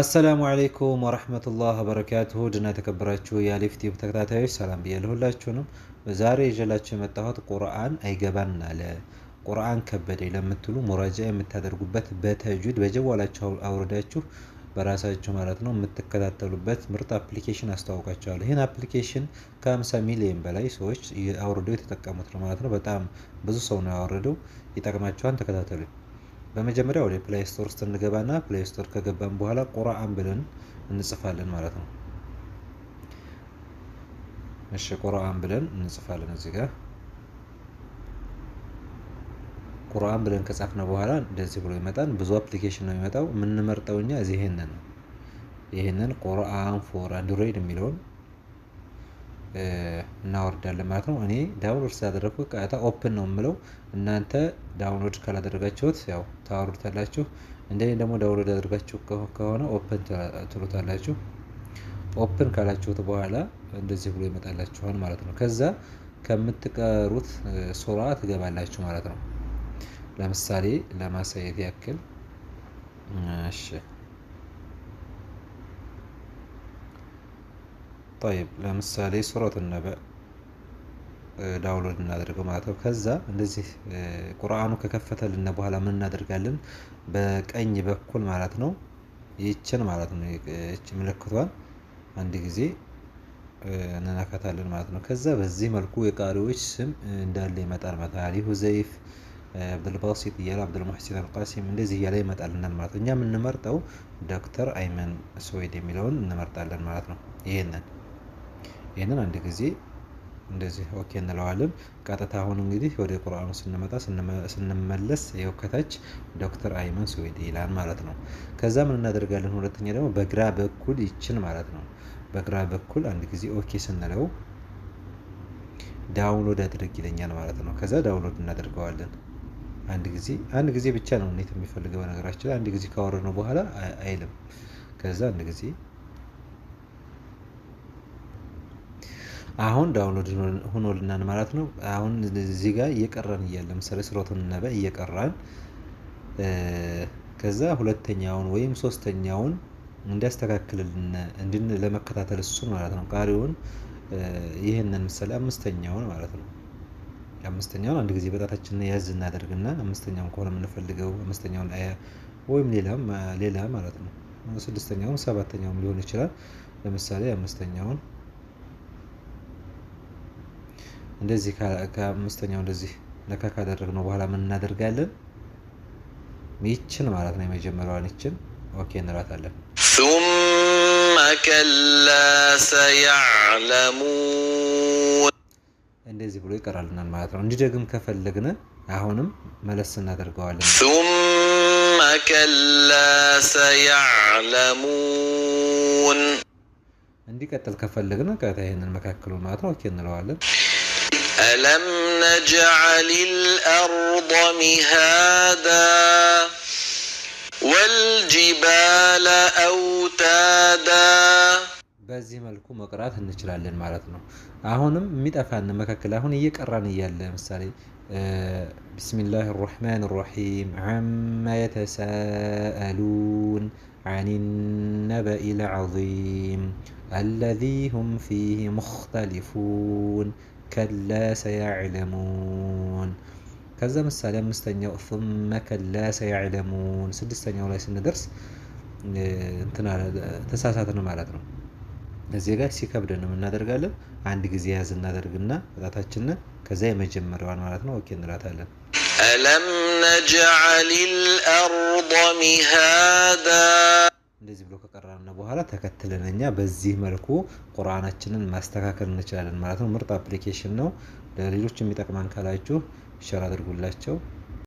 አሰላሙ አለይኩም ወረህመቱላህ ወበረካቱሁ ድና የተከበራችሁ የአሊፍ ቲዩብ ተከታታዮች ሰላም ብያለሁ ሁላችሁንም። በዛሬ ይዤላችሁ የመጣሁት ቁርአን አይገባን አለ ቁርአን ከበደ ለምትሉ ሙራጃ የምታደርጉበት በተጁድ በጀዋላችሁ አውርዳችሁ በራሳችሁ ማለት ነው የምትከታተሉበት ምርጥ አፕሊኬሽን አስተዋውቃቸዋለሁ። ይህን አፕሊኬሽን ከ50 ሚሊዮን በላይ ሰዎች አውርደው የተጠቀሙት ነው ማለት ነው። በጣም ብዙ ሰው ነው ያወረደው። ይጠቅማችኋን ተከታተሉኝ። በመጀመሪያ ወደ ፕላይ ስቶር ውስጥ እንገባና ፕላይ ስቶር ከገባን በኋላ ቁርአን ብለን እንጽፋለን ማለት ነው። እሺ ቁርአን ብለን እንጽፋለን እዚህ ጋር ቁርአን ብለን ከጻፍነ በኋላ እንደዚህ ብሎ ይመጣል። ብዙ አፕሊኬሽን ነው የሚመጣው። የምንመርጠው እኛ እዚህ ይሄንን ይሄንን ቁርአን ፎር አንድሮይድ የሚለውን እናወርዳለን ማለት ነው። እኔ ዳውንሎድ ስላደረግኩ ቀጥታ ኦፕን ነው የምለው። እናንተ ዳውንሎድ ካላደረጋችሁት ያው ታወርዱታላችሁ። እንደኔ ደግሞ ዳውንሎድ አድርጋችሁ ከሆነ ኦፕን ትሉታላችሁ። ኦፕን ካላችሁት በኋላ እንደዚህ ብሎ ይመጣላችኋል ማለት ነው። ከዛ ከምትቀሩት ሱራ ትገባላችሁ ማለት ነው። ለምሳሌ ለማሳየት ያክል እሺ ጠይብ ለምሳሌ ሱረቱ ነበእ ዳውንሎድ እናደርገው ማለት ነው። ከዛ እንደዚህ ቁርአኑ ከከፈተልን በኋላ ምን እናደርጋለን? በቀኝ በኩል ማለት ነው ይችን ማለት ነው ይች ምልክቷን አንድ ጊዜ እንነካታለን ማለት ነው። ከዛ በዚህ መልኩ የቃሪዎች ስም እንዳለ ይመጣል ማለት አሊ ሁዘይፍ፣ አብዱልባሲት እያለ አብዱልሙሕሲን አልቃሲም እንደዚህ እያለ ይመጣልናል ማለት ነው። እኛ የምንመርጠው ዶክተር አይመን ስወይድ የሚለውን እንመርጣለን ማለት ነው። ይሄንን ይህንን አንድ ጊዜ እንደዚህ ኦኬ እንለዋለን። ቀጥታ አሁን እንግዲህ ወደ ቁርአኑ ስንመጣ ስንመለስ ይኸው ከታች ዶክተር አይመን ስዌድ ይላል ማለት ነው። ከዛ ምን እናደርጋለን? ሁለተኛ ደግሞ በግራ በኩል ይችን ማለት ነው። በግራ በኩል አንድ ጊዜ ኦኬ ስንለው ዳውንሎድ አድርግ ይለኛል ማለት ነው። ከዛ ዳውንሎድ እናደርገዋለን። አንድ ጊዜ አንድ ጊዜ ብቻ ነው ኔት የሚፈልገው ነገራችን ላይ አንድ ጊዜ ካወረድነው በኋላ አይልም። ከዛ አንድ ጊዜ አሁን ዳውንሎድ ሆኖልናል ማለት ነው። አሁን እዚህ ጋር እየቀረን እያለ ለምሳሌ ስሮቱን ነበ እየቀራን ከዛ ሁለተኛውን ወይም ሶስተኛውን እንዲያስተካክልልን እንድን ለመከታተል እሱን ማለት ነው። ቃሪውን ይህንን ምሳሌ አምስተኛውን ማለት ነው። አምስተኛውን አንድ ጊዜ በጣታችን ያዝ እናደርግና አምስተኛውን ከሆነ የምንፈልገው አምስተኛውን አያ ወይም ሌላም ሌላ ማለት ነው። ስድስተኛውን ሰባተኛውም ሊሆን ይችላል። ለምሳሌ አምስተኛውን እንደዚህ ከአምስተኛው እንደዚህ ነካ ካደረግነው በኋላ ምን እናደርጋለን? ይችን ማለት ነው የመጀመሪያዋን ይችን ኦኬ እንላታለን። ሱመ ከላ ሰያዕለሙን እንደዚህ ብሎ ይቀራልናል ማለት ነው። እንዲደግም ከፈለግን አሁንም መለስ እናደርገዋለን። ሱመ ከላ ሰያዕለሙን እንዲቀጥል ከፈለግን ይህንን መካከሉን ማለት ነው ኦኬ እንለዋለን። ألم نجعل الأرض مهادا والجبال أوتادا በዚህ መልኩ መቅራት እንችላለን ማለት ነው። አሁንም የሚጠፋን هون አሁን أراني እያለ ለምሳሌ بسم الله الرحمن الرحيم عما يتساءلون عن النبأ العظيم الذي هم فيه مختلفون ከላ ሰያዕለሙን። ከዛ ምሳሌ አምስተኛው ثመ ከላ ሰያዕለሙን ስድስተኛው ላይ ስንደርስ ተሳሳትን ማለት ነው። እዚህ ጋር ሲከብደንም እናደርጋለን። አንድ ጊዜ ያዝ እናደርግና ጣታችንን ከዛ የመጀመሪያዋን ማለት ነው ኦኬ እንላታለን። አለም نجعل አርደ مهادا እንደዚህ ብሎ ከቀራና በኋላ ተከትለን እኛ በዚህ መልኩ ቁርአናችንን ማስተካከል እንችላለን ማለት ነው። ምርጥ አፕሊኬሽን ነው። ለሌሎች የሚጠቅማን ካላችሁ ሸር አድርጉላቸው።